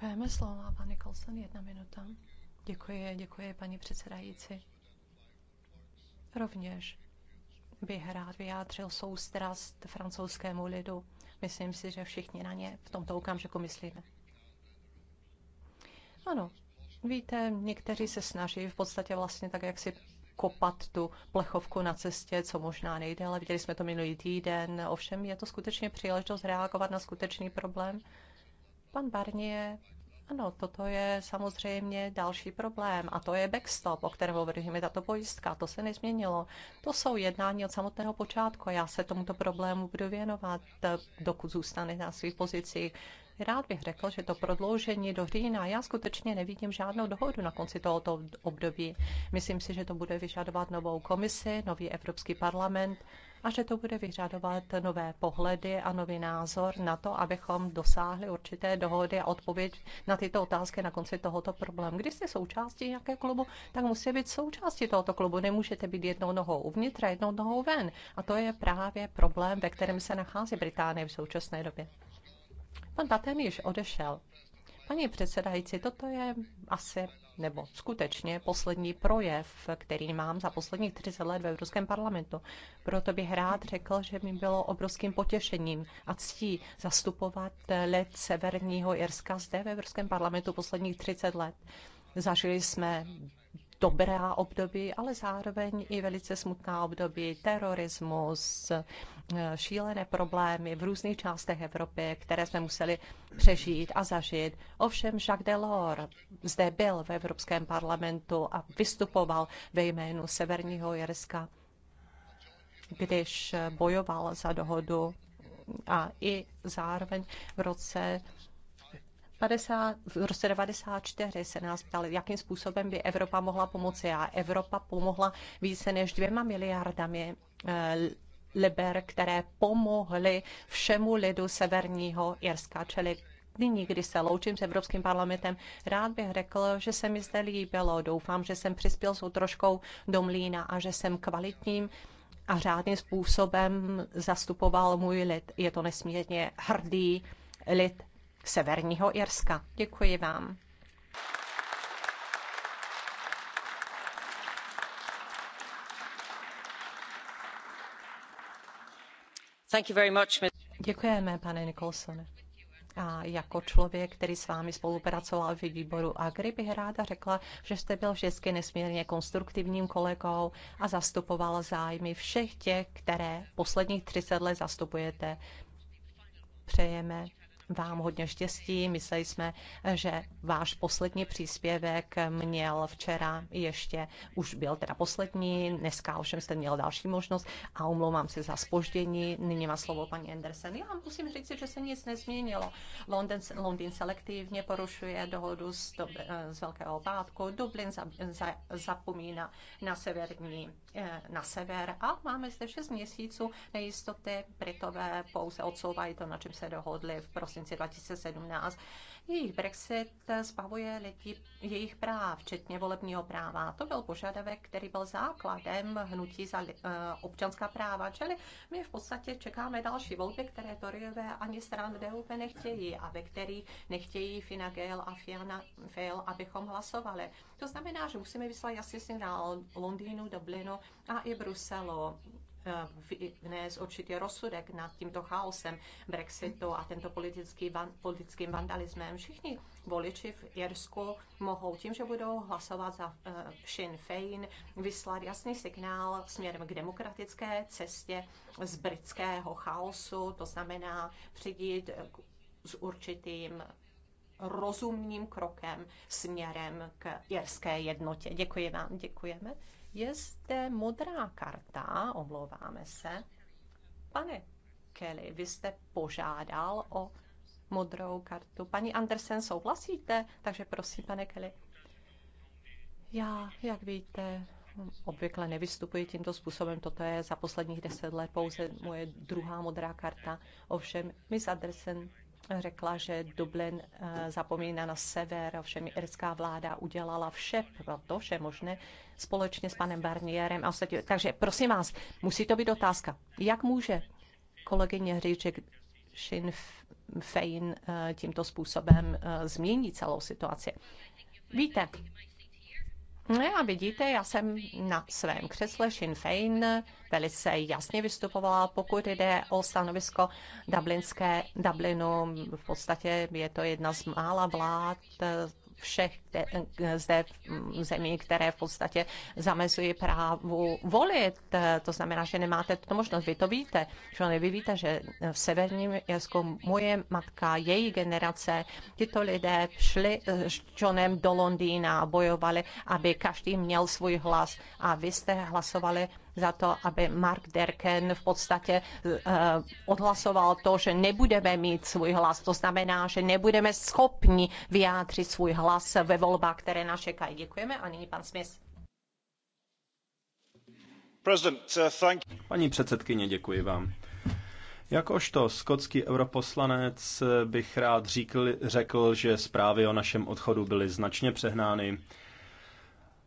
Děkujeme. Slovo má pan Nicholson, jedna minuta. Děkuji, děkuji paní předsedající. Rovněž bych rád vyjádřil soustrast francouzskému lidu. Myslím si, že všichni na ně v tomto okamžiku myslíme. Ano, víte, někteří se snaží v podstatě vlastně tak, jak si kopat tu plechovku na cestě, co možná nejde, ale viděli jsme to minulý týden. Ovšem je to skutečně příležitost reagovat na skutečný problém Pan Barnier ano, toto je samozřejmě další problém a to je backstop, o kterém hovoříme, tato pojistka, to se nezměnilo. To jsou jednání od samotného počátku já se tomuto problému budu věnovat, dokud zůstane na svých pozicích. Rád bych řekl, že to prodloužení do října, já skutečně nevidím žádnou dohodu na konci tohoto období. Myslím si, že to bude vyžadovat novou komisi, nový Evropský parlament, a že to bude vyžadovat nové pohledy a nový názor na to, abychom dosáhli určité dohody a odpověď na tyto otázky na konci tohoto problému. Když jste součástí nějaké klubu, tak musíte být součástí tohoto klubu. Nemůžete být jednou nohou uvnitř a jednou nohou ven. A to je právě problém, ve kterém se nachází Británie v současné době. Pan Paten již odešel. Paní předsedající, toto je asi nebo skutečně poslední projev, který mám za posledních 30 let ve Evropském parlamentu. Proto bych rád řekl, že mi bylo obrovským potěšením a ctí zastupovat lid Severního Irska zde ve Evropském parlamentu posledních 30 let. Zažili jsme dobrá období, ale zároveň i velice smutná období, terorismus, eh, šílené problémy v různých částech Evropy, které jsme museli přežít a zažít. Ovšem Jacques Delors zde byl v Evropském parlamentu a vystupoval ve jménu Severního Jerska, když bojoval za dohodu a i zároveň v roce 50, v roce 94 se nás ptali, jakým způsobem by Evropa mohla pomoci. A Evropa pomohla více než dvěma miliardami eh, liber, které pomohly všemu lidu severního Jirska, čili nyní, kdy se loučím s Evropským parlamentem, rád bych řekl, že se mi zde líbilo. Doufám, že jsem přispěl s troškou do mlína a že jsem kvalitním a řádným způsobem zastupoval můj lid. Je to nesmírně hrdý lid Severního Irska. Děkuji vám. Thank you very much, Děkujeme, pane Nicholson. A jako člověk, který s vámi spolupracoval v výboru Agri, bych ráda řekla, že jste byl vždycky nesmírně konstruktivním kolegou a zastupoval zájmy všech těch, které posledních 30 let zastupujete. Přejeme vám hodně štěstí. Mysleli jsme, že váš poslední příspěvek měl včera ještě, už byl teda poslední, dneska ovšem jste měl další možnost a omlouvám se za spoždění. Nyní má slovo paní Andersen. Já musím říct, že se nic nezměnilo. London, Londýn selektivně porušuje dohodu z, do, eh, z Velkého pátku, Dublin za, za, zapomíná na severní Eh, na sever a máme zde 6 měsíců nejistoty. Britové pouze odsouvají to, na čem se dohodli v prosinci 2017 jejich Brexit zbavuje lidi jejich práv, včetně volebního práva. To byl požadavek, který byl základem hnutí za eh, občanská práva. Čili my v podstatě čekáme další volby, které Toryové ani stran DUP nechtějí a ve kterých nechtějí Fina Gale a Fiona Fail, abychom hlasovali. To znamená, že musíme vyslat jasný signál Londýnu, Dublinu a i Bruselu vnést určitě rozsudek nad tímto chaosem Brexitu a tento politický van, politickým vandalismem. Všichni voliči v Irsku mohou tím, že budou hlasovat za uh, Sinn Féin, vyslat jasný signál směrem k demokratické cestě z britského chaosu, to znamená přijít eh, s určitým rozumným krokem směrem k jerské jednotě. Děkuji vám, děkujeme. Je zde modrá karta, omlouváme se. Pane Kelly, vy jste požádal o modrou kartu. Paní Andersen, souhlasíte? Takže prosím, pane Kelly. Já, jak víte, obvykle nevystupuji tímto způsobem. Toto je za posledních deset let pouze moje druhá modrá karta. Ovšem, Miss Andersen řekla, že Dublin eh, zapomíná na sever, ovšem irská vláda udělala vše pro to, vše možné, společně s panem Barnierem a ostatní. Takže prosím vás, musí to být otázka. Jak může kolegyně Hříček Sinn Fein eh, tímto způsobem eh, změní celou situaci? Víte, No a vidíte, já jsem na svém křesle Sinn Féin velice jasně vystupovala, pokud jde o stanovisko Dublinské, Dublinu. V podstatě je to jedna z mála vlád, všech eh, zde mm, zemí, které v podstatě zamezují právu volit. To znamená, že nemáte tuto možnost. Vy to víte, že vy víte, že v severním Jirsku moje matka, její generace, tyto lidé šli eh, s Johnem do Londýna a bojovali, aby každý měl svůj hlas a vy jste hlasovali za to, aby Mark Derken v podstatě eh, odhlasoval to, že nebudeme mít svůj hlas. To znamená, že nebudeme schopni vyjádřit svůj hlas ve volbách, které nás čekají. Děkujeme a nyní pan Smith. Uh, Paní předsedkyně, děkuji vám. Jakožto skotský europoslanec bych rád řekl, že zprávy o našem odchodu byly značně přehnány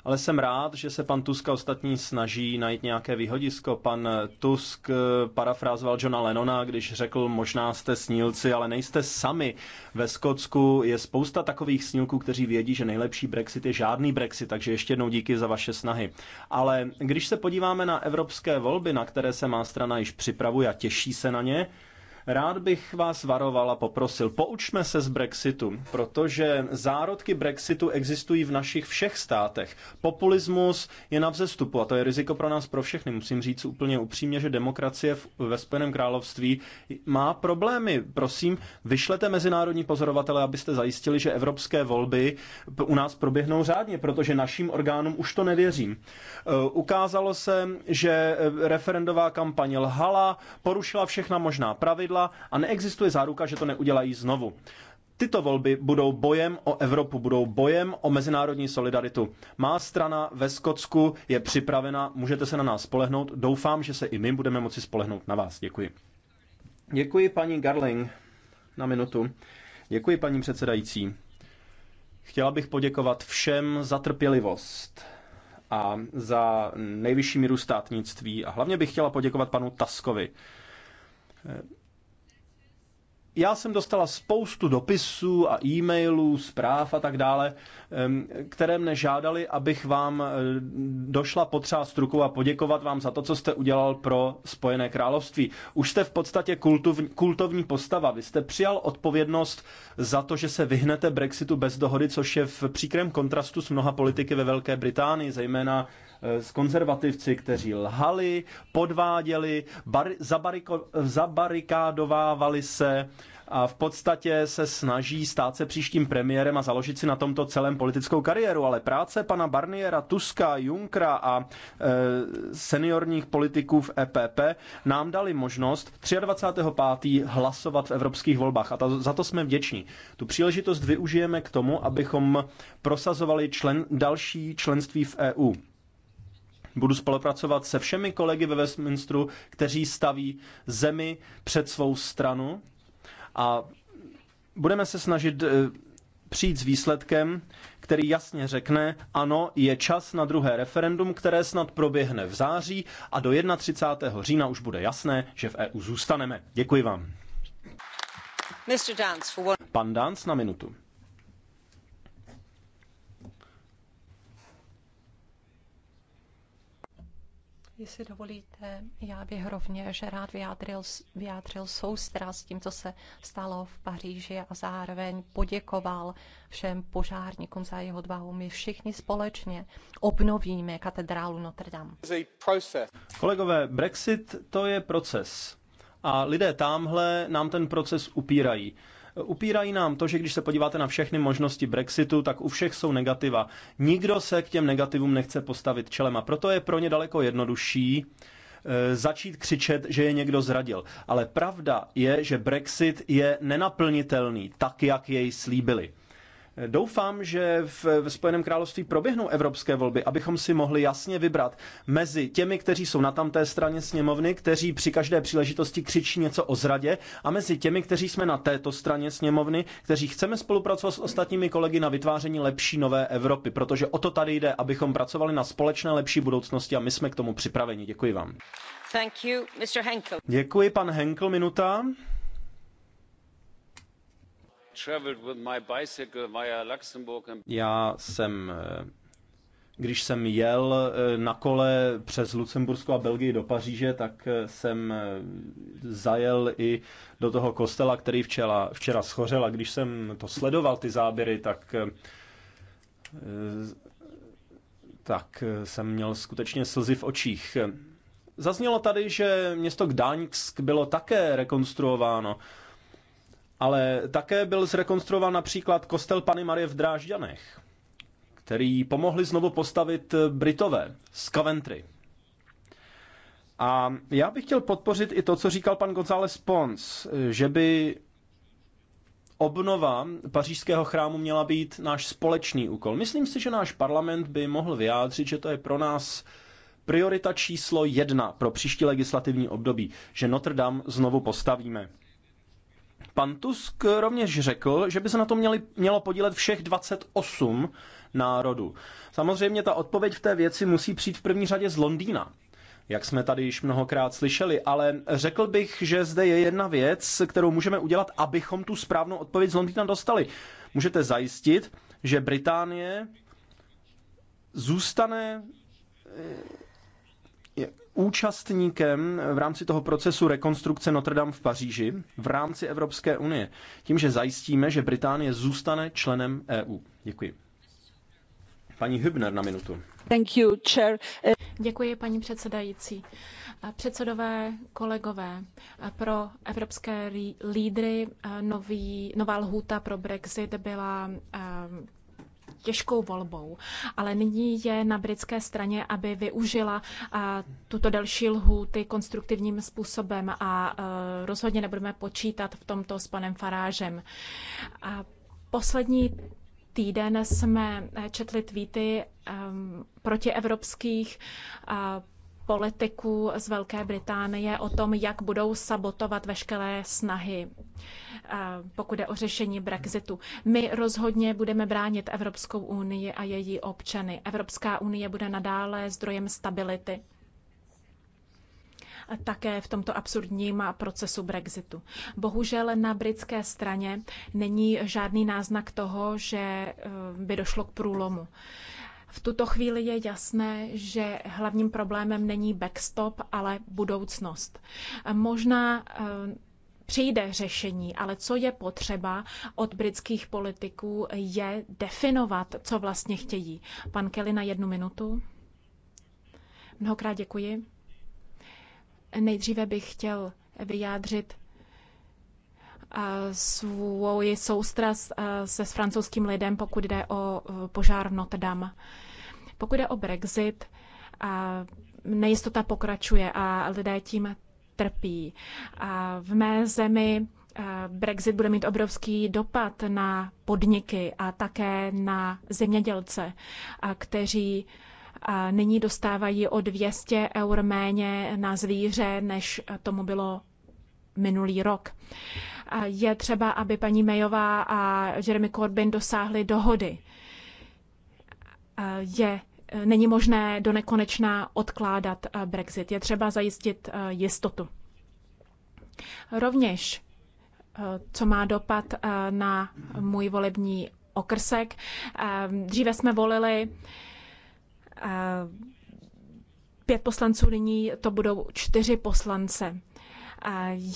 ale jsem rád, že se pan Tusk a ostatní snaží najít nějaké výhodisko. Pan Tusk eh, parafrázoval Johna Lennona, když řekl, možná jste snílci, ale nejste sami. Ve Skotsku je spousta takových snílků, kteří vědí, že nejlepší Brexit je žádný Brexit, takže ještě jednou díky za vaše snahy. Ale když se podíváme na evropské volby, na které se má strana již připravuje a těší se na ně, Rád bych vás varoval a poprosil, poučme se z Brexitu, protože zárodky Brexitu existují v našich všech státech. Populismus je na vzestupu a to je riziko pro nás pro všechny. Musím říct úplně upřímně, že demokracie ve Spojeném království má problémy. Prosím, vyšlete mezinárodní pozorovatele, abyste zajistili, že evropské volby u nás proběhnou řádně, protože naším orgánům už to nevěřím. Eh, ukázalo se, že eh, referendová kampaně lhala, porušila všechna možná pravidla, pravidla a neexistuje záruka, že to neudělají znovu. Tyto volby budou bojem o Evropu, budou bojem o mezinárodní solidaritu. Má strana ve Skotsku je připravena, můžete se na nás spolehnout. Doufám, že se i my budeme moci spolehnout na vás. Děkuji. Děkuji paní Garling na minutu. Děkuji paní předsedající. Chtěla bych poděkovat všem za trpělivost a za nejvyšší míru státnictví a hlavně bych chtěla poděkovat panu Taskovi já jsem dostala spoustu dopisů a e-mailů, zpráv a tak dále, které mne žádali, abych vám eh, došla potřást ruku a poděkovat vám za to, co jste udělal pro Spojené království. Už jste v podstatě kultovní, kultovní postava. Vy jste přijal odpovědnost za to, že se vyhnete Brexitu bez dohody, což je v příkrém kontrastu s mnoha politiky ve Velké Británii, zejména Eh, s konzervativci, kteří lhali, podváděli, zabarikádovávali se a v podstatě se snaží stát se příštím premiérem a založit si na tomto celém politickou kariéru. Ale práce pana Barniera, Tuska, Junkra a e, seniorních politiků v EPP nám dali možnost 23.5. hlasovat v evropských volbách a ta, za to jsme vděční. Tu příležitost využijeme k tomu, abychom prosazovali člen, další členství v EU. Budu spolupracovat se všemi kolegy ve Westminsteru, kteří staví zemi před svou stranu a budeme se snažit eh, přijít s výsledkem, který jasně řekne, ano, je čas na druhé referendum, které snad proběhne v září a do 31. října už bude jasné, že v EU zůstaneme. Děkuji vám. Pan Dance na minutu. Jestli dovolíte, já bych rovněž rád vyjádřil, vyjádřil soustrast s tím, co se stalo v Paříži a zároveň poděkoval všem požárníkům za jeho odvahu. My všichni společně obnovíme katedrálu Notre Dame. Kolegové, Brexit to je proces. A lidé tamhle nám ten proces upírají. Upírají nám to, že když se podíváte na všechny možnosti Brexitu, tak u všech jsou negativa. Nikdo se k těm negativům nechce postavit čelem a proto je pro ně daleko jednodušší eh, začít křičet, že je někdo zradil. Ale pravda je, že Brexit je nenaplnitelný tak, jak jej slíbili. Doufám, že v, Spojeném království proběhnou evropské volby, abychom si mohli jasně vybrat mezi těmi, kteří jsou na tamté straně sněmovny, kteří při každé příležitosti křičí něco o zradě, a mezi těmi, kteří jsme na této straně sněmovny, kteří chceme spolupracovat s ostatními kolegy na vytváření lepší nové Evropy, protože o to tady jde, abychom pracovali na společné lepší budoucnosti a my jsme k tomu připraveni. Děkuji vám. Thank you, Mr. Henkel. Děkuji, pan Henkel, minuta. Já jsem, eh, když jsem jel eh, na kole přes Lucembursko a Belgii do Paříže, tak eh, jsem zajel i do toho kostela, který včera, včera schořel a když jsem to sledoval, ty záběry, tak tak jsem měl skutečně slzy v očích. Zaznělo tady, že město Gdaňsk bylo také rekonstruováno. Ale také byl zrekonstruován například kostel Pany Marie v Drážďanech, který pomohli znovu postavit Britové z Coventry. A já bych chtěl podpořit i to, co říkal pan González Pons, že by obnova pařížského chrámu měla být náš společný úkol. Myslím si, že náš parlament by mohl vyjádřit, že to je pro nás priorita číslo jedna pro příští legislativní období, že Notre Dame znovu postavíme. Pan Tusk rovněž řekl, že by se na to měli, mělo podílet všech 28 národů. Samozřejmě ta odpověď v té věci musí přijít v první řadě z Londýna jak jsme tady již mnohokrát slyšeli, ale řekl bych, že zde je jedna věc, kterou můžeme udělat, abychom tu správnou odpověď z Londýna dostali. Můžete zajistit, že Británie zůstane je účastníkem v rámci toho procesu rekonstrukce Notre Dame v Paříži v rámci Evropské unie, tím, že zajistíme, že Británie zůstane členem EU. Děkuji. Paní Hübner na minutu. Thank you, chair. Děkuji, paní předsedající. Předsedové, kolegové, pro evropské lídry nový, nová lhůta pro Brexit byla těžkou volbou, ale nyní je na britské straně, aby využila tuto další lhůty konstruktivním způsobem a e, rozhodně nebudeme počítat v tomto s panem Farážem. A poslední týden jsme e, četli tweety um, protievropských uh, politiků z Velké Británie o tom, jak budou sabotovat veškeré snahy, eh, pokud je o řešení Brexitu. My rozhodně budeme bránit Evropskou unii a její občany. Evropská unie bude nadále zdrojem stability také v tomto absurdním procesu Brexitu. Bohužel na britské straně není žádný náznak toho, že eh, by došlo k průlomu. V tuto chvíli je jasné, že hlavním problémem není backstop, ale budoucnost. Možná eh, přijde řešení, ale co je potřeba od britských politiků je definovat, co vlastně chtějí. Pan Kelly na jednu minutu. Mnohokrát děkuji. Nejdříve bych chtěl vyjádřit svůj soustras se s francouzským lidem, pokud jde o e, požár v Notre Dame. Pokud jde o Brexit, nejistota pokračuje a lidé tím trpí. V mé zemi e, Brexit bude mít obrovský dopad na podniky a také na zemědělce, kteří nyní dostávají o 200 eur méně na zvíře, než tomu bylo minulý rok. Je třeba, aby paní Mayová a Jeremy Corbyn dosáhli dohody. Je Není možné do nekonečna odkládat Brexit. Je třeba zajistit jistotu. Rovněž, co má dopad na můj volební okrsek. Dříve jsme volili pět poslanců, nyní to budou čtyři poslance.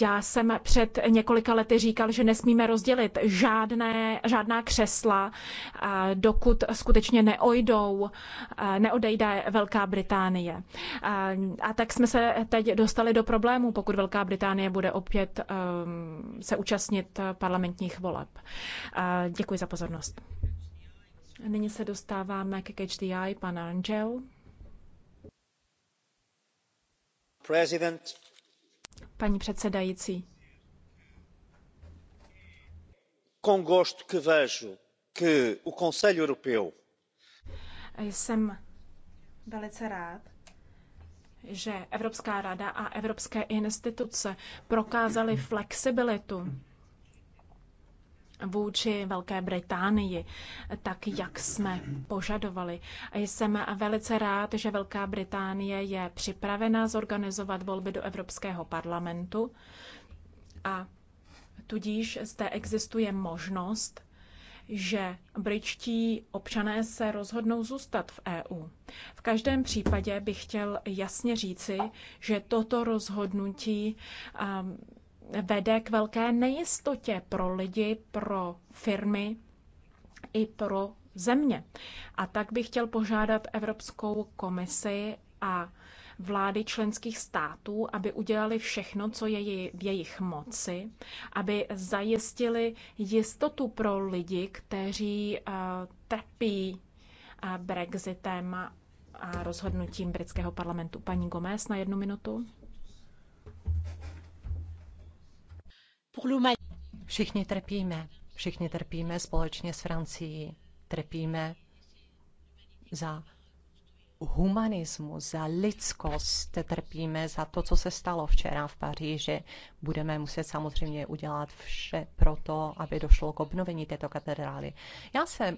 Já jsem před několika lety říkal, že nesmíme rozdělit žádné, žádná křesla, dokud skutečně neojdou, neodejde Velká Británie. A tak jsme se teď dostali do problému, pokud Velká Británie bude opět um, se účastnit parlamentních voleb. Děkuji za pozornost. Nyní se dostáváme ke HDI, pan Angel. President paní předsedající. jsem velice rád, že Evropská rada a evropské instituce prokázaly flexibilitu vůči Velké Británii, tak jak jsme požadovali. Jsem velice rád, že Velká Británie je připravena zorganizovat volby do Evropského parlamentu a tudíž zde existuje možnost, že britští občané se rozhodnou zůstat v EU. V každém případě bych chtěl jasně říci, že toto rozhodnutí um, vede k velké nejistotě pro lidi, pro firmy i pro země. A tak bych chtěl požádat Evropskou komisi a vlády členských států, aby udělali všechno, co je v jejich moci, aby zajistili jistotu pro lidi, kteří uh, trpí uh, Brexitem a rozhodnutím britského parlamentu. Paní Gomez na jednu minutu. Všichni trpíme. Všichni trpíme společně s Francií. Trpíme za humanismu za lidskost trpíme, za to, co se stalo včera v Paříži. Budeme muset samozřejmě udělat vše pro to, aby došlo k obnovení této katedrály. Já jsem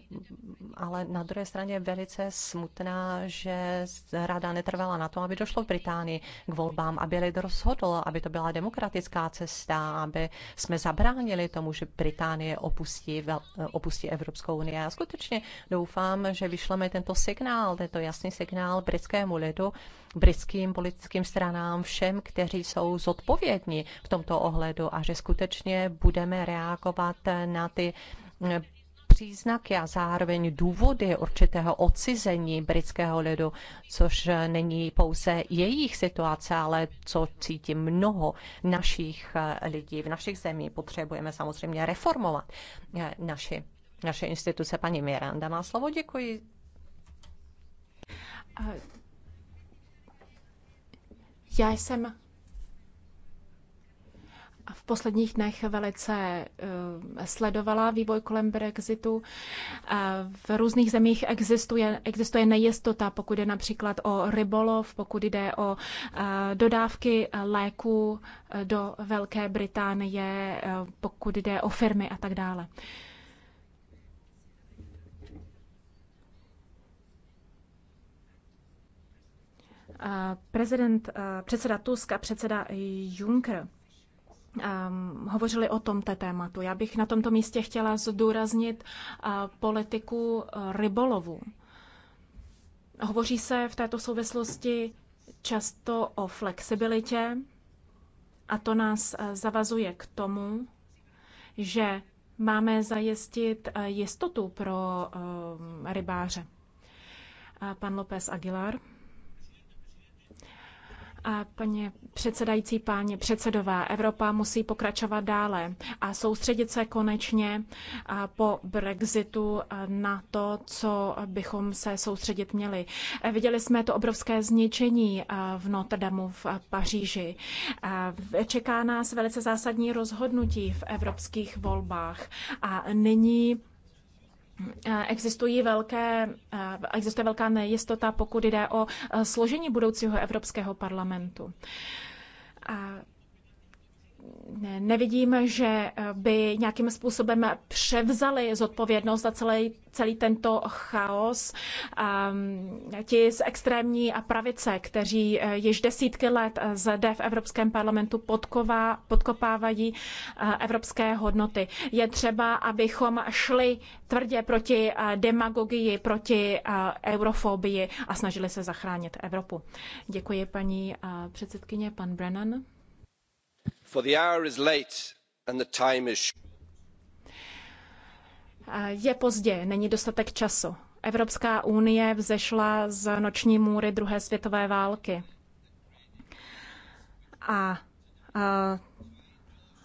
ale na druhé straně velice smutná, že rada netrvala na to, aby došlo v Británii k volbám, aby lid rozhodl, aby to byla demokratická cesta, aby jsme zabránili tomu, že Británie opustí, opustí Evropskou unii. Já skutečně doufám, že vyšleme tento signál, tento jasný signál signál britskému lidu, britským politickým stranám, všem, kteří jsou zodpovědní v tomto ohledu a že skutečně budeme reagovat na ty eh, příznaky a zároveň důvody určitého odcizení britského lidu, což není pouze jejich situace, ale co cítí mnoho našich eh, lidí v našich zemí. Potřebujeme samozřejmě reformovat eh, naši, naše instituce. Paní Miranda má slovo. Děkuji já jsem v posledních dnech velice eh, sledovala vývoj kolem Brexitu. Eh, v různých zemích existuje, existuje nejistota, pokud jde například o rybolov, pokud jde o eh, dodávky léků do Velké Británie, pokud jde o firmy a tak dále. Prezident, předseda Tusk a předseda Juncker hovořili o tomto tématu. Já bych na tomto místě chtěla zdůraznit politiku e, rybolovu. Hovoří se v této souvislosti často o flexibilitě a to nás e, zavazuje k tomu, že máme zajistit e, jistotu pro rybáře. Pan López Aguilar. A paní předsedající, páně předsedové, Evropa musí pokračovat dále a soustředit se konečně po Brexitu na to, co bychom se soustředit měli. E, viděli jsme to obrovské zničení v Notre Dame v Paříži. E, čeká nás velice zásadní rozhodnutí v evropských volbách a nyní Eh, existují velké, eh, existuje velká nejistota, pokud jde o eh, složení budoucího Evropského parlamentu. A nevidím, že eh, by nějakým způsobem převzali zodpovědnost za celý, celý tento chaos ehm, ti z extrémní pravice, kteří eh, již desítky let eh, zde v Evropském parlamentu podková, podkopávají evropské hodnoty. Je třeba, abychom šli tvrdě proti demagogii, proti eurofobii a snažili se zachránit Evropu. Děkuji paní předsedkyně, pan Brennan for the hour is late and the time is je pozdě, není dostatek času. Evropská unie vzešla z noční můry druhé světové války. A, a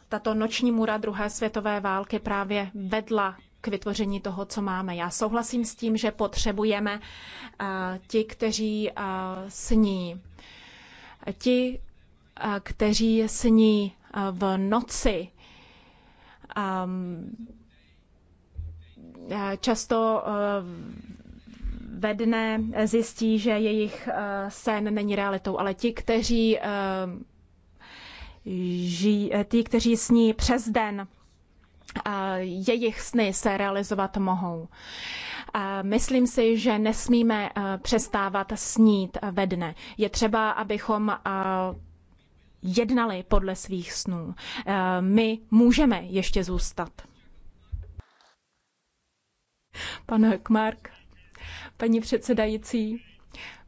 tato noční můra druhé světové války právě vedla k vytvoření toho, co máme. Já souhlasím s tím, že potřebujeme a, ti, kteří a, sní. Ti, kteří sní v noci. Často ve dne zjistí, že jejich sen není realitou, ale ti, kteří žijí, ti, kteří sní přes den, jejich sny se realizovat mohou. Myslím si, že nesmíme přestávat snít ve dne. Je třeba, abychom jednali podle svých snů. Eh, my můžeme ještě zůstat. Pane Kmark, paní předsedající,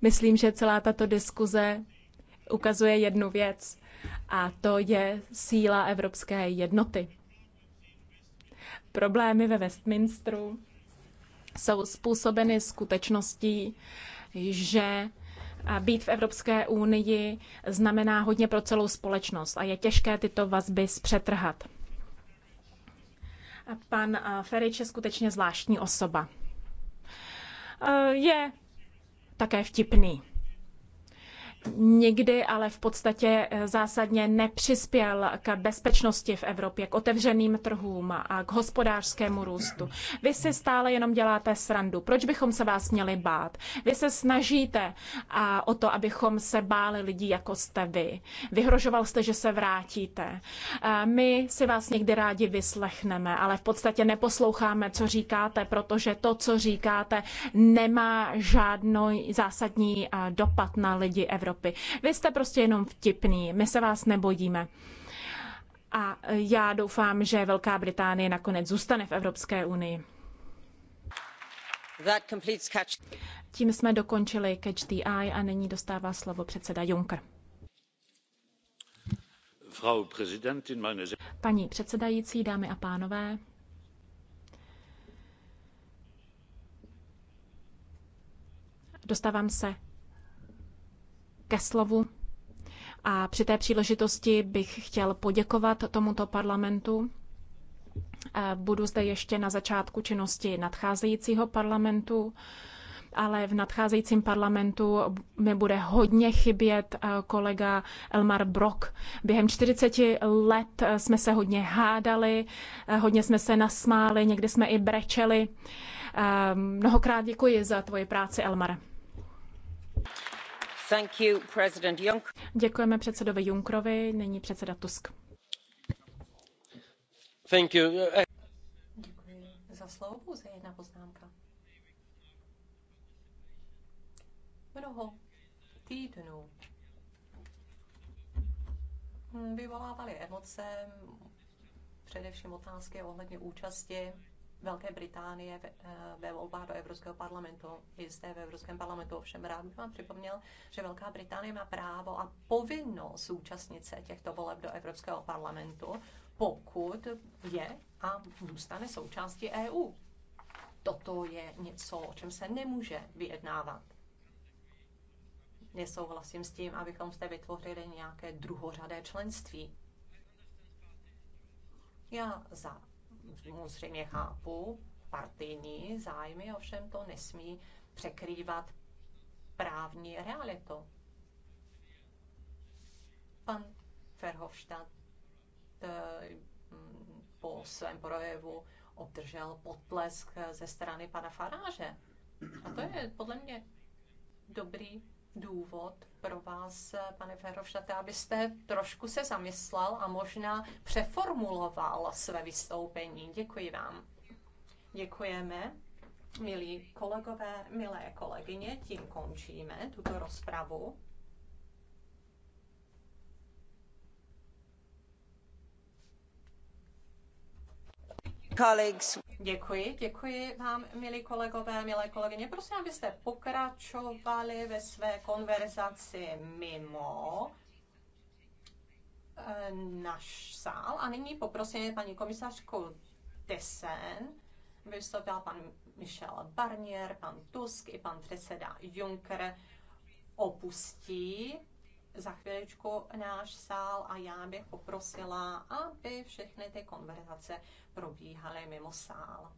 myslím, že celá tato diskuze ukazuje jednu věc, a to je síla evropské jednoty. Problémy ve Westminsteru jsou způsobeny skutečností, že být v Evropské unii znamená hodně pro celou společnost a je těžké tyto vazby zpřetrhat. Pan Ferič je skutečně zvláštní osoba. Je také vtipný nikdy ale v podstatě eh, zásadně nepřispěl k bezpečnosti v Evropě, k otevřeným trhům a k hospodářskému růstu. Vy si stále jenom děláte srandu. Proč bychom se vás měli bát? Vy se snažíte a, o to, abychom se báli lidí, jako jste vy. Vyhrožoval jste, že se vrátíte. A eh, my si vás někdy rádi vyslechneme, ale v podstatě neposloucháme, co říkáte, protože to, co říkáte, nemá žádný zásadní eh, dopad na lidi Evropy. Evropy. Vy jste prostě jenom vtipný, my se vás nebojíme. A já doufám, že Velká Británie nakonec zůstane v Evropské unii. Tím jsme dokončili Catch the Eye a nyní dostává slovo předseda Juncker. Paní předsedající, dámy a pánové, dostávám se ke slovu. A při té příležitosti bych chtěl poděkovat tomuto parlamentu. Budu zde ještě na začátku činnosti nadcházejícího parlamentu, ale v nadcházejícím parlamentu mi bude hodně chybět kolega Elmar Brok. Během 40 let jsme se hodně hádali, hodně jsme se nasmáli, někdy jsme i brečeli. Mnohokrát děkuji za tvoji práci, Elmar. Děkujeme předsedovi Junckerovi, nyní předseda Tusk. Děkuji za slovo, pouze jedna poznámka. Mnoho týdnů vyvolávaly emoce, především otázky ohledně účasti Velké Británie ve eh, volbách Evropského parlamentu. I zde v Evropském parlamentu ovšem rád bych vám připomněl, že Velká Británie má právo a povinnost zúčastnit se těchto voleb do Evropského parlamentu, pokud je a zůstane součástí EU. Toto je něco, o čem se nemůže vyjednávat. Nesouhlasím s tím, abychom jste vytvořili nějaké druhořadé členství. Já za samozřejmě chápu partijní zájmy, ovšem to nesmí překrývat právní realitu. Pan Verhofstadt eh, po svém projevu obdržel potlesk ze strany pana Faráže. A to je podle mě dobrý důvod pro vás, pane Verhofstadte, abyste trošku se zamyslel a možná přeformuloval své vystoupení. Děkuji vám. Děkujeme. Milí kolegové, milé kolegyně, tím končíme tuto rozpravu. Colleagues. Děkuji, děkuji vám, milí kolegové, milé kolegyně. Prosím, abyste pokračovali ve své konverzaci mimo eh, náš sál. A nyní poprosím paní komisařku Tesen, vystoupil pan Michel Barnier, pan Tusk i pan předseda Juncker opustí za chvíličku náš sál a já bych poprosila, aby všechny ty konverzace probíhaly mimo sál.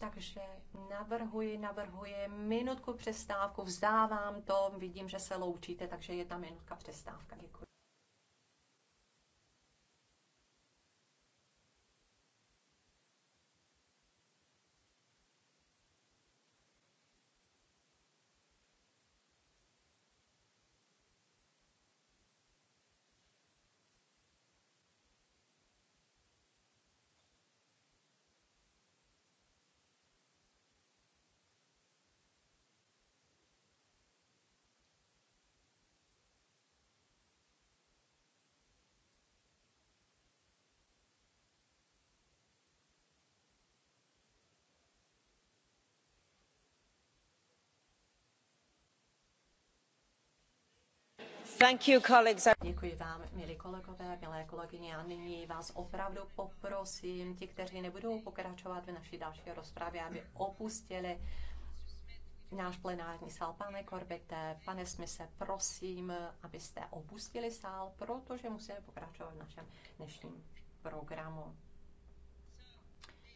Takže navrhuji, navrhuji minutku přestávku, vzdávám to, vidím, že se loučíte, takže je tam minutka přestávka. Děkuji. Děkuji vám, milí kolegové, milé kolegyně. A nyní vás opravdu poprosím, ti, kteří nebudou pokračovat v naší další rozpravě, aby opustili náš plenární sál. Pane Korbete, pane Smise, prosím, abyste opustili sál, protože musíme pokračovat v našem dnešním programu.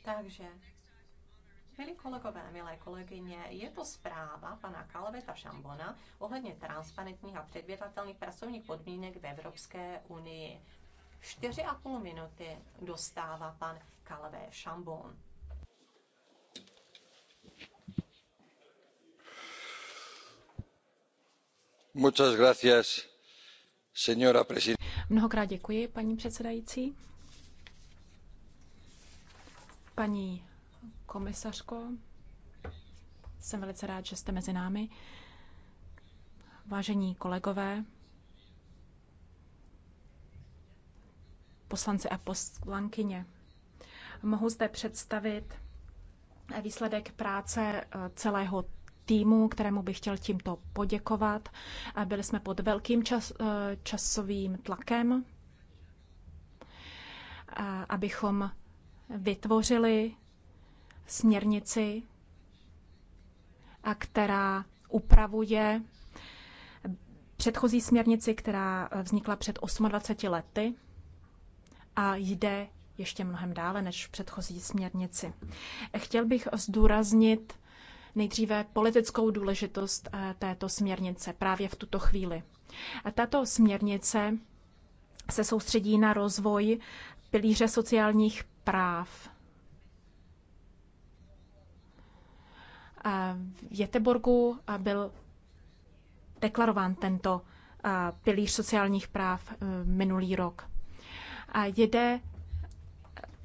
Takže Milí kolegové, milé kolegyně, je to zpráva pana Kalveta Šambona ohledně transparentních a předvědatelných pracovních podmínek v Evropské unii. 4,5 minuty dostává pan Kalve Šambon. Muchas gracias, señora presidenta. Mnohokrát děkuji, paní předsedající. Paní komisařko. Jsem velice rád, že jste mezi námi. Vážení kolegové, poslanci a poslankyně, mohu zde představit výsledek práce eh, celého týmu, kterému bych chtěl tímto poděkovat. Eh, byli jsme pod velkým čas, eh, časovým tlakem, abychom vytvořili směrnici, a která upravuje předchozí směrnici, která vznikla před 28 lety a jde ještě mnohem dále než v předchozí směrnici. Chtěl bych zdůraznit nejdříve politickou důležitost eh, této směrnice právě v tuto chvíli. Tato směrnice se soustředí na rozvoj pilíře sociálních práv v Jeteborgu byl deklarován tento pilíř sociálních práv e, minulý rok. A jede,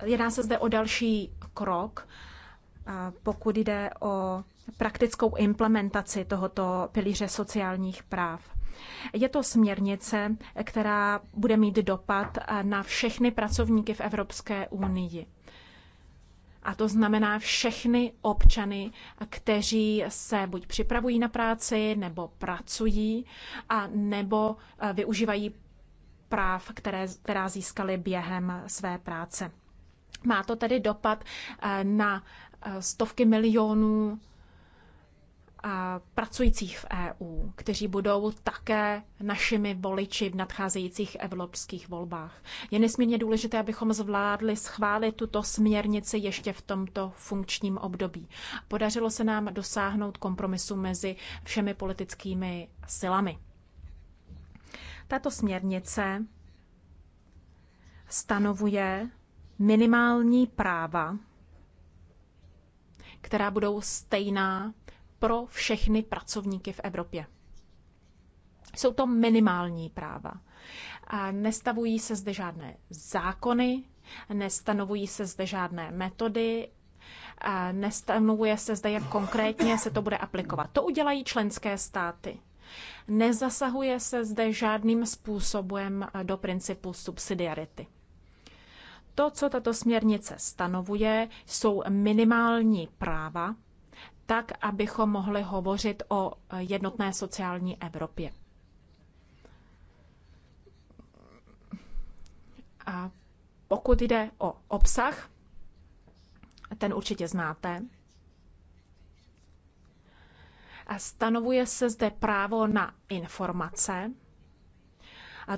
jedná se zde o další krok, pokud jde o praktickou implementaci tohoto pilíře sociálních práv. Je to směrnice, která bude mít dopad na všechny pracovníky v Evropské unii. A to znamená všechny občany, kteří se buď připravují na práci, nebo pracují, a nebo eh, využívají práv, které, která získali během své práce. Má to tedy dopad eh, na eh, stovky milionů pracujících v EU, kteří budou také našimi voliči v nadcházejících evropských volbách. Je nesmírně důležité, abychom zvládli schválit tuto směrnici ještě v tomto funkčním období. Podařilo se nám dosáhnout kompromisu mezi všemi politickými silami. Tato směrnice stanovuje minimální práva, která budou stejná pro všechny pracovníky v Evropě. Jsou to minimální práva. A nestavují se zde žádné zákony, nestanovují se zde žádné metody, a nestanovuje se zde, jak konkrétně se to bude aplikovat. To udělají členské státy. Nezasahuje se zde žádným způsobem do principu subsidiarity. To, co tato směrnice stanovuje, jsou minimální práva, tak abychom mohli hovořit o jednotné sociální Evropě. A pokud jde o obsah, ten určitě znáte. A stanovuje se zde právo na informace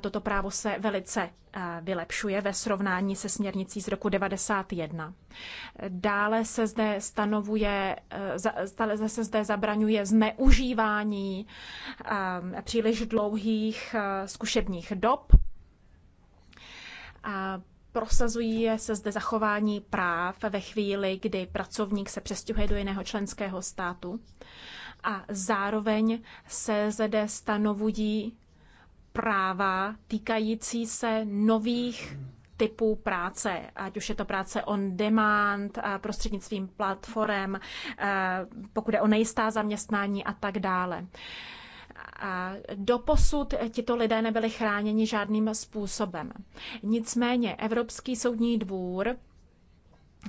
Toto právo se velice eh, vylepšuje ve srovnání se směrnicí z roku 91. Dále se zde stanovuje, eh, stále se zde zabraňuje zneužívání eh, příliš dlouhých zkušebních dob. A Prosazují se zde zachování práv ve chvíli, kdy pracovník se přestěhuje do jiného členského státu a zároveň se zde stanovují práva týkající se nových typů práce, ať už je to práce on demand, eh, prostřednictvím platform, eh, pokud je o nejistá zaměstnání a tak dále. Doposud tito lidé nebyli chráněni žádným způsobem. Nicméně Evropský soudní dvůr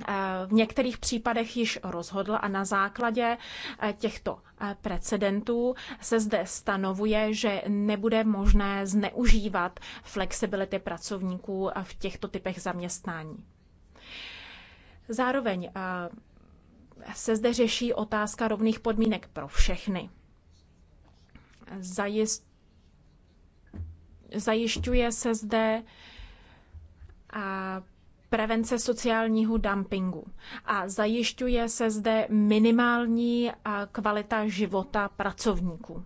Eh, v některých případech již rozhodl a na základě eh, těchto eh, precedentů se zde stanovuje, že nebude možné zneužívat flexibility pracovníků v těchto typech zaměstnání. Zároveň se zde řeší otázka rovných podmínek pro všechny. Zajist, zajišťuje se zde a prevence sociálního dumpingu a zajišťuje se zde minimální kvalita života pracovníků.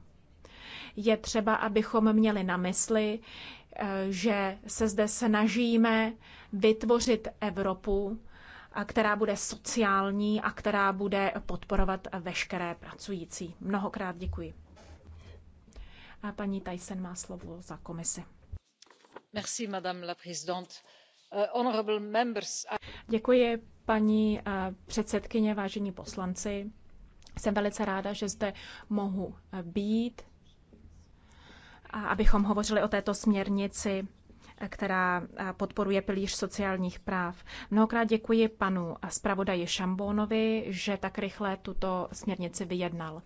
Je třeba, abychom měli na mysli, e, že se zde snažíme vytvořit Evropu, která bude sociální a která bude podporovat veškeré pracující. Mnohokrát děkuji. A paní Tyson má slovo za komisi. Merci, madame la présidente Eh, Děkuji, paní eh, předsedkyně, vážení poslanci. Jsem velice ráda, že zde mohu eh, být, abychom hovořili o této směrnici která podporuje pilíř sociálních práv. Mnohokrát děkuji panu zpravodaji Šambónovi, že tak rychle tuto směrnici vyjednal.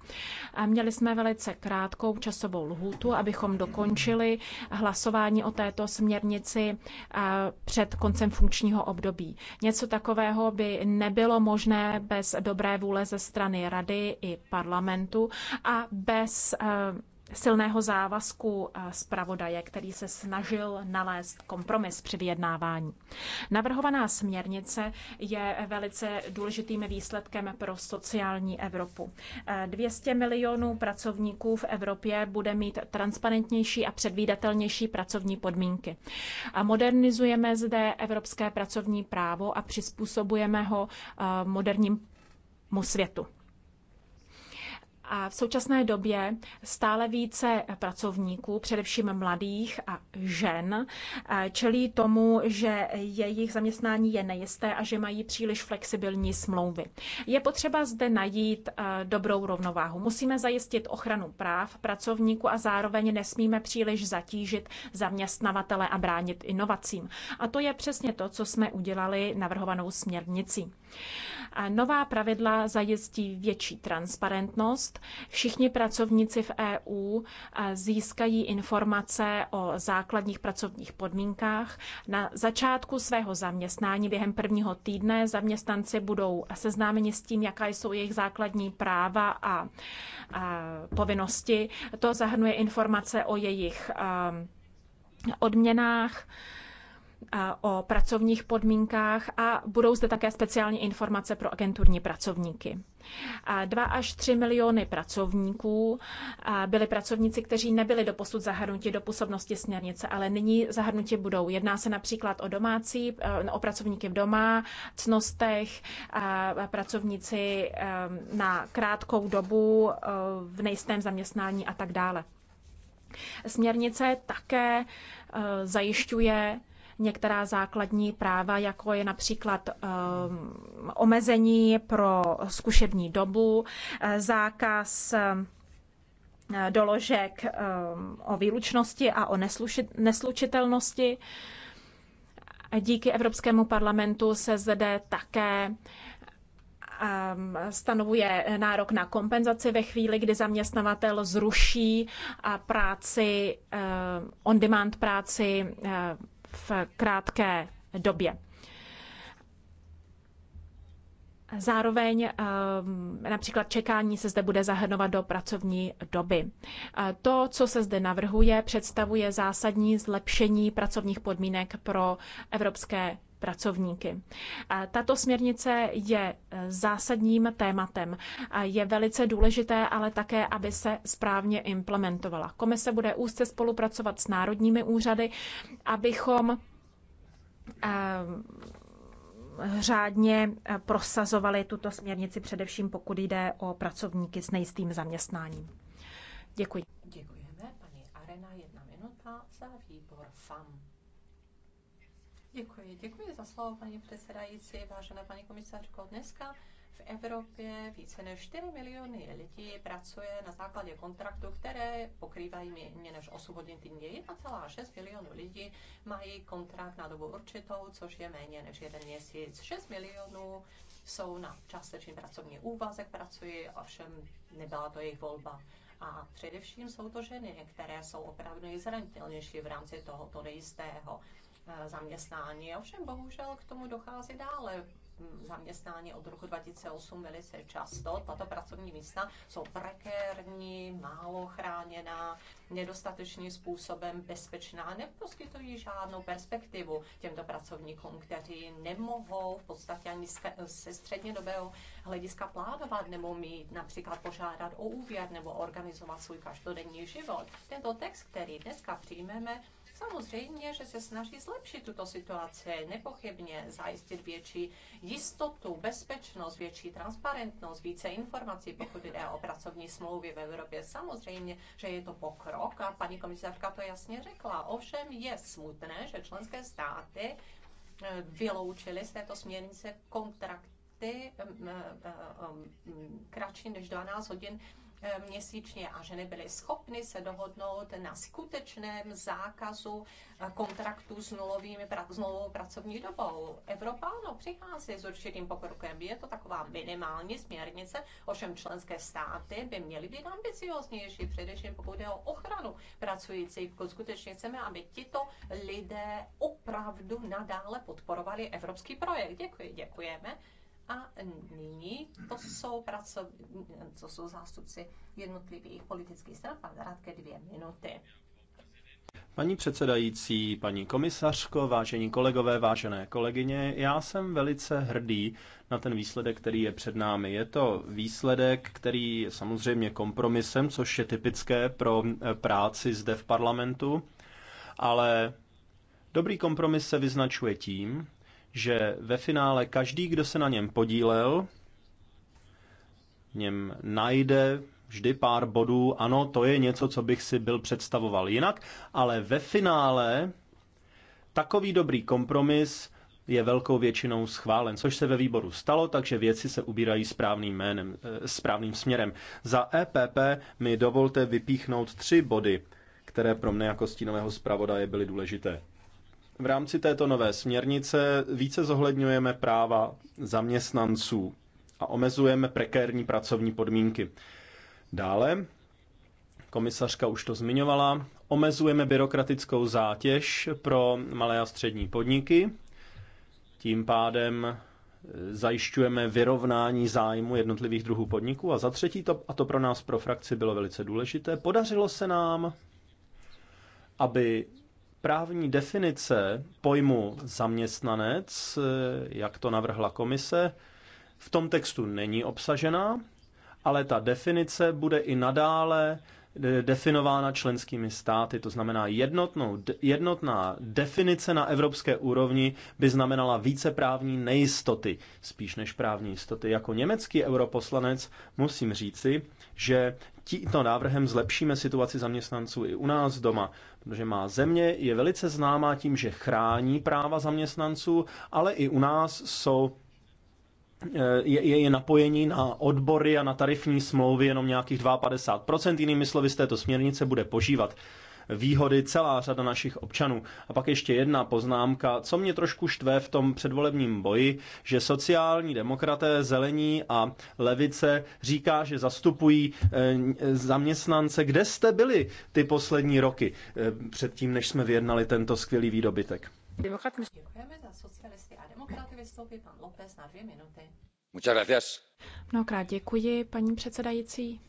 Měli jsme velice krátkou časovou lhůtu, abychom dokončili hlasování o této směrnici před koncem funkčního období. Něco takového by nebylo možné bez dobré vůle ze strany Rady i parlamentu a bez silného závazku eh, zpravodaje, který se snažil nalézt kompromis při vyjednávání. Navrhovaná směrnice je velice důležitým výsledkem pro sociální Evropu. 200 eh, milionů pracovníků v Evropě bude mít transparentnější a předvídatelnější pracovní podmínky. Modernizujeme zde evropské pracovní právo a přizpůsobujeme ho eh, moderním světu. A V současné době stále více pracovníků, především mladých a žen, čelí tomu, že jejich zaměstnání je nejisté a že mají příliš flexibilní smlouvy. Je potřeba zde najít dobrou rovnováhu. Musíme zajistit ochranu práv pracovníků a zároveň nesmíme příliš zatížit zaměstnavatele a bránit inovacím. A to je přesně to, co jsme udělali navrhovanou směrnicí. Nová pravidla zajistí větší transparentnost, Všichni pracovníci v EU eh, získají informace o základních pracovních podmínkách. Na začátku svého zaměstnání během prvního týdne zaměstnanci budou seznámeni s tím, jaká jsou jejich základní práva a, povinnosti. To zahrnuje informace o jejich eh, odměnách, o pracovních podmínkách a budou zde také speciální informace pro agenturní pracovníky. 2 až 3 miliony pracovníků byli pracovníci, kteří nebyli doposud zahrnuti do působnosti směrnice, ale nyní zahrnuti budou. Jedná se například o domácí, eh, o pracovníky v doma, cnostech, pracovníci eh, na krátkou dobu eh, v nejistém zaměstnání a tak dále. Směrnice také zajišťuje některá základní práva, jako je například um, omezení pro zkušební dobu, eh, zákaz eh, doložek ehm, o výlučnosti a o neslučitelnosti. Díky Evropskému parlamentu se zde také ehm, stanovuje nárok na kompenzaci ve chvíli, kdy zaměstnavatel zruší eh, práci, on-demand práci v krátké době. Zároveň eh, například čekání se zde bude zahrnovat do pracovní doby. Eh, to, co se zde navrhuje, představuje zásadní zlepšení pracovních podmínek pro evropské pracovníky. Tato směrnice je e, zásadním tématem. Je velice důležité, ale také, aby se správně implementovala. Komise bude úzce spolupracovat s národními úřady, abychom e, řádně e, prosazovali tuto směrnici, především pokud jde o pracovníky s nejistým zaměstnáním. Děkuji. Děkujeme. Paní Arena, jedna minuta za výbor FAM. Děkuji, děkuji za slovo, paní předsedající, vážená paní komisařko. Dneska v Evropě více než 4 miliony lidí pracuje na základě kontraktů, které pokrývají méně než 8 hodin týdně. 1,6 milionů lidí mají kontrakt na dobu určitou, což je méně než jeden měsíc. 6 milionů jsou na částečný pracovní úvazek, pracují, ovšem nebyla to jejich volba. A především jsou to ženy, které jsou opravdu nejzranitelnější v rámci tohoto nejistého Eh, zaměstnání. Ovšem bohužel k tomu dochází dále mm, zaměstnání od roku 2008 velice často. Tato pracovní místa jsou prekérní, málo chráněná, nedostatečným způsobem bezpečná, neposkytují žádnou perspektivu těmto pracovníkům, kteří nemohou v podstatě ani se střednědobého hlediska plánovat nebo mít například požádat o úvěr nebo organizovat svůj každodenní život. Tento text, který dneska přijmeme, Samozřejmě, že se snaží zlepšit tuto situaci, nepochybně zajistit větší jistotu, bezpečnost, větší transparentnost, více informací, pokud jde o pracovní smlouvy v Evropě. Samozřejmě, že je to pokrok a paní komisařka to jasně řekla. Ovšem je smutné, že členské státy eh, vyloučily z této směrnice kontrakty mm, eh, eh, mm, kratší než 12 hodin E, měsíčně a že byly schopny se dohodnout na skutečném zákazu e, kontraktů s, nulovými, s nulovou pracovní dobou. Evropa no, přichází s určitým pokrokem. Je to taková minimální směrnice, ovšem členské státy by měly být ambicioznější, především pokud jde o ochranu pracujících. Skutečně chceme, aby tito lidé opravdu nadále podporovali evropský projekt. Děkuji, děkujeme. A nyní to jsou, pracov, to jsou zástupci jednotlivých politických stran. Pan Radke dvě minuty. Paní předsedající, paní komisařko, vážení kolegové, vážené kolegyně, já jsem velice hrdý na ten výsledek, který je před námi. Je to výsledek, který je samozřejmě kompromisem, což je typické pro eh, práci zde v parlamentu, ale dobrý kompromis se vyznačuje tím, že ve finále každý, kdo se na něm podílel, něm najde vždy pár bodů. Ano, to je něco, co bych si byl představoval jinak, ale ve finále takový dobrý kompromis je velkou většinou schválen, což se ve výboru stalo, takže věci se ubírají správným, jménem, eh, správným směrem. Za EPP mi dovolte vypíchnout tři body, které pro mne jako stínového zpravodaje byly důležité. V rámci této nové směrnice více zohledňujeme práva zaměstnanců a omezujeme prekérní pracovní podmínky. Dále, komisařka už to zmiňovala, omezujeme byrokratickou zátěž pro malé a střední podniky, tím pádem e, zajišťujeme vyrovnání zájmu jednotlivých druhů podniků. A za třetí, to, a to pro nás, pro frakci, bylo velice důležité, podařilo se nám, aby Právní definice pojmu zaměstnanec, eh, jak to navrhla komise, v tom textu není obsažená, ale ta definice bude i nadále eh, definována členskými státy. To znamená, jednotnou, jednotná definice na evropské úrovni by znamenala více právní nejistoty, spíš než právní jistoty. Jako německý europoslanec musím říci, že tímto návrhem zlepšíme situaci zaměstnanců i u nás doma protože má země je velice známá tím, že chrání práva zaměstnanců, ale i u nás jsou eh, je, je, napojení na odbory a na tarifní smlouvy jenom nějakých 52%. Jinými slovy z této směrnice bude požívat výhody celá řada našich občanů. A pak ještě jedna poznámka, co mě trošku štve v tom předvolebním boji, že sociální demokraté, zelení a levice říká, že zastupují eh, zaměstnance. Kde jste byli ty poslední roky eh, předtím, než jsme vyjednali tento skvělý výdobytek? Děkujeme za socialisty a demokraty vystoupí pan López na dvě minuty. Mnohokrát děkuji, paní předsedající.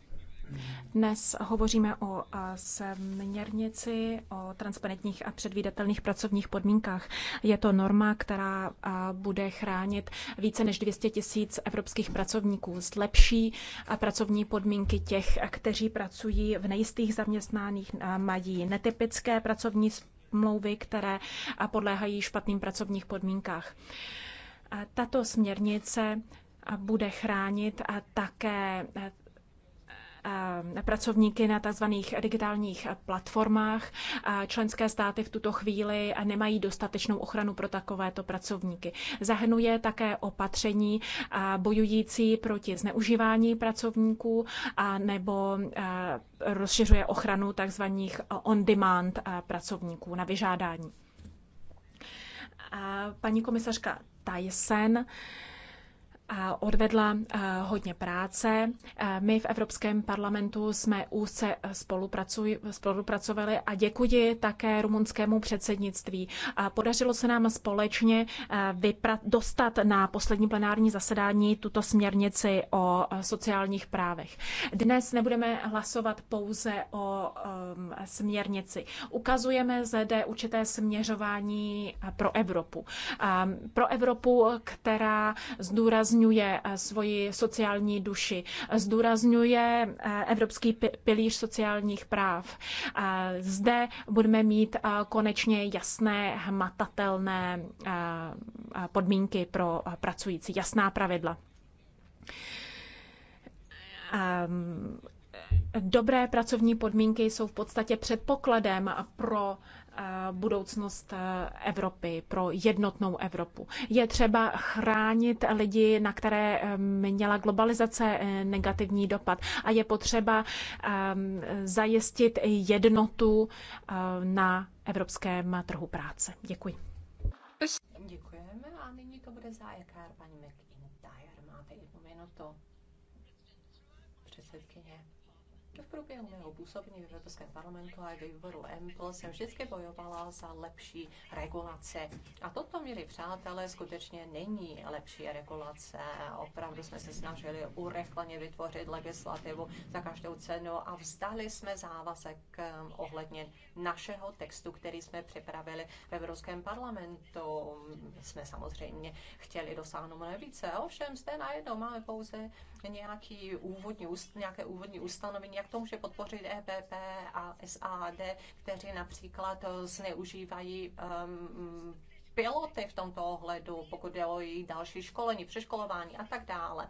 Dnes hovoříme o eh, směrnici o transparentních a předvídatelných pracovních podmínkách. Je to norma, která eh, bude chránit více než 200 tisíc evropských pracovníků. Zlepší eh, pracovní podmínky těch, kteří pracují v nejistých zaměstnáních, mají netypické pracovní smlouvy, které podléhají špatným pracovních podmínkách. Tato směrnice bude chránit také pracovníky na tzv. digitálních platformách. Členské státy v tuto chvíli nemají dostatečnou ochranu pro takovéto pracovníky. Zahrnuje také opatření bojující proti zneužívání pracovníků a nebo rozšiřuje ochranu tzv. on-demand pracovníků na vyžádání. Paní komisařka Tyson odvedla eh, hodně práce. Eh, my v Evropském parlamentu jsme úzce spolupracovali a děkuji také rumunskému předsednictví. Podařilo se nám společně eh, dostat na poslední plenární zasedání tuto směrnici o sociálních právech. Dnes nebudeme hlasovat pouze o směrnici. Ukazujeme zde určité směřování pro Evropu. Pro Evropu, která zdůrazňuje zdůrazňuje eh, svoji sociální duši, zdůrazňuje eh, Evropský pilíř sociálních práv. Eh, zde budeme mít konečně jasné, hmatatelné podmínky pro pracující, jasná pravidla. Ehm, dobré pracovní podmínky jsou v podstatě předpokladem pro budoucnost e, Evropy, pro jednotnou Evropu. Je třeba chránit lidi, na které měla globalizace e, negativní dopad a je potřeba zajistit jednotu e, na evropském trhu práce. Děkuji. Děkujeme a nyní to bude za EKR paní McIntyre. Máte jednu minutu. Předsedkyně. V průběhu mého působení v Evropském parlamentu a ve výboru EMPL jsem vždycky bojovala za lepší regulace. A toto, milí přátelé, skutečně není lepší regulace. Opravdu jsme se snažili urychleně vytvořit legislativu za každou cenu a vzdali jsme závazek um, ohledně našeho textu, který jsme připravili v Evropském parlamentu. My jsme samozřejmě chtěli dosáhnout mnohem více. Ovšem zde najednou máme pouze Vlastně nějaký úvodní, nějaké úvodní ustanovení, jak to může podpořit EPP a SAD, kteří například eh, zneužívají um, piloty v tomto ohledu, pokud dělají o jejich další školení, přeškolování a tak dále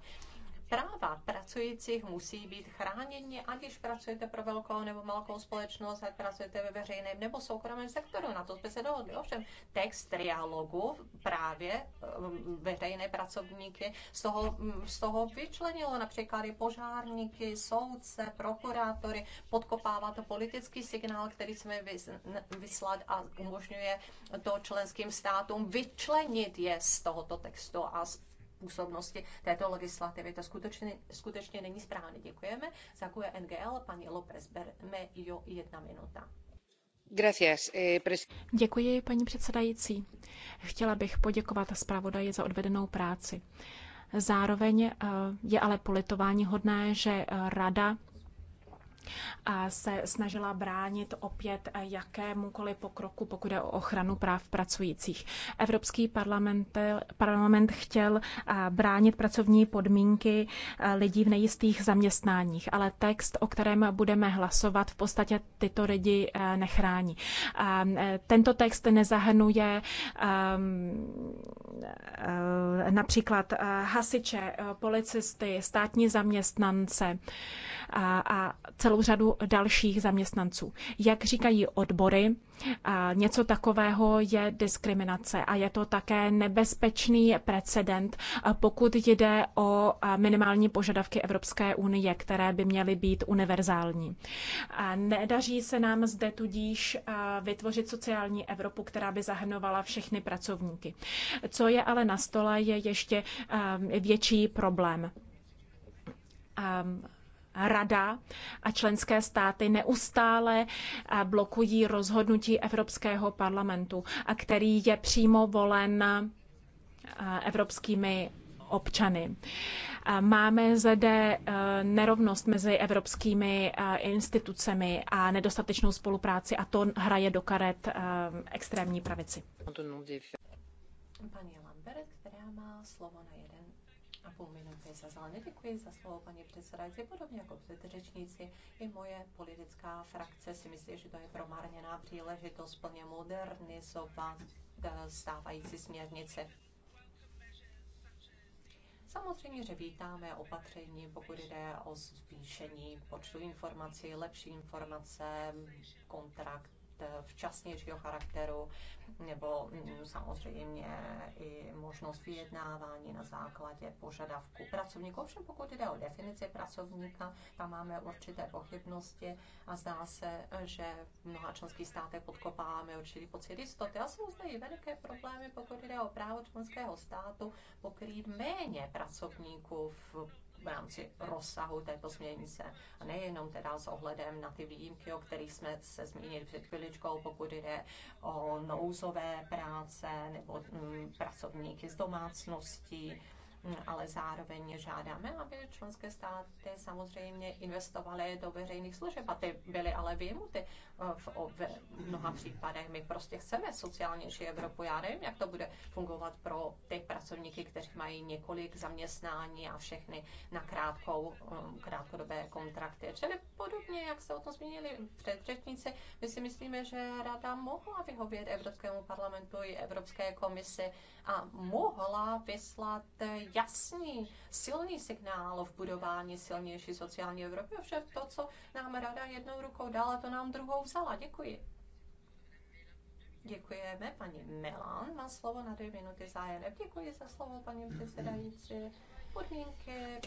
práva pracujících musí být chráněni, ať když pracujete pro velkou nebo malou společnost, ať pracujete ve veřejném nebo soukromém sektoru. Na to jsme se dohodli. Ovšem, text trialogu právě um, veřejné pracovníky z toho, um, z toho vyčlenilo například i požárníky, soudce, prokurátory, podkopává to politický signál, který jsme vyslat a umožňuje to členským státům vyčlenit je z tohoto textu a z působnosti této legislativy. To skutečně, skutečně není správné. Děkujeme. Zakuje NGL paní López Bermejo jedna minuta. Eh, Děkuji, paní předsedající. Chtěla bych poděkovat zpravodaji za odvedenou práci. Zároveň eh, je ale politování hodné, že eh, Rada se snažila bránit opět jakémukoliv pokroku, pokud je o ochranu práv pracujících. Evropský parlament, parlament chtěl bránit pracovní podmínky lidí v nejistých zaměstnáních, ale text, o kterém budeme hlasovat, v podstatě tyto lidi nechrání. E, tento text nezahrnuje um, e, například e, hasiče, policisty, státní zaměstnance a celou celou řadu dalších zaměstnanců. Jak říkají odbory, něco takového je diskriminace a je to také nebezpečný precedent, pokud jde o minimální požadavky Evropské unie, které by měly být univerzální. Nedaří se nám zde tudíž vytvořit sociální Evropu, která by zahrnovala všechny pracovníky. Co je ale na stole, je ještě větší problém. Rada a členské státy neustále eh, blokují rozhodnutí Evropského parlamentu, a který je přímo volen eh, evropskými občany. Eh, máme zde nerovnost mezi evropskými institucemi a nedostatečnou spolupráci a to hraje do karet extrémní pravici. Paní Lambert, která má slovo na jedno a půl minuty se zvládne. Děkuji za slovo, paní předsedající. Podobně jako předřečníci, i moje politická frakce si myslí, že to je promarněná příležitost plně modernizovat eh, stávající směrnice. Samozřejmě, že vítáme opatření, pokud jde o zvýšení počtu informací, lepší informace, kontrakt Eh, včasnějšího charakteru, nebo mm, samozřejmě i možnost vyjednávání na základě požadavku pracovníků. Ovšem pokud jde o definici pracovníka, tam máme určité pochybnosti a zdá se, že v mnoha členských státech podkopáváme určitý pocit jistoty. A jsou zde i veliké problémy, pokud jde o právo členského státu pokrýt méně pracovníků v v rámci rozsahu této směrnice. A nejenom teda s ohledem na ty výjimky, o kterých jsme se zmínili před chviličkou, pokud jde o nouzové práce nebo mm, pracovníky z domácností, ale zároveň žádáme, aby členské státy samozřejmě investovaly do veřejných služeb a ty byly ale vyjmuty eh, v, v mnoha případech. My prostě chceme sociálnější Evropu. Já nevím, jak to bude fungovat pro ty pracovníky, kteří mají několik zaměstnání a všechny na krátkou, eh, krátkodobé kontrakty. Čili podobně, jak se o tom zmínili předřečníci, my si myslíme, že rada mohla vyhovět Evropskému parlamentu i Evropské komisi a mohla vyslat jasný, silný signál v budování silnější sociální Evropy. že to, co nám rada jednou rukou dala, to nám druhou vzala. Děkuji. Děkujeme. Paní Melan má slovo na dvě minuty zájem. Děkuji za slovo, paní předsedající. Podmínky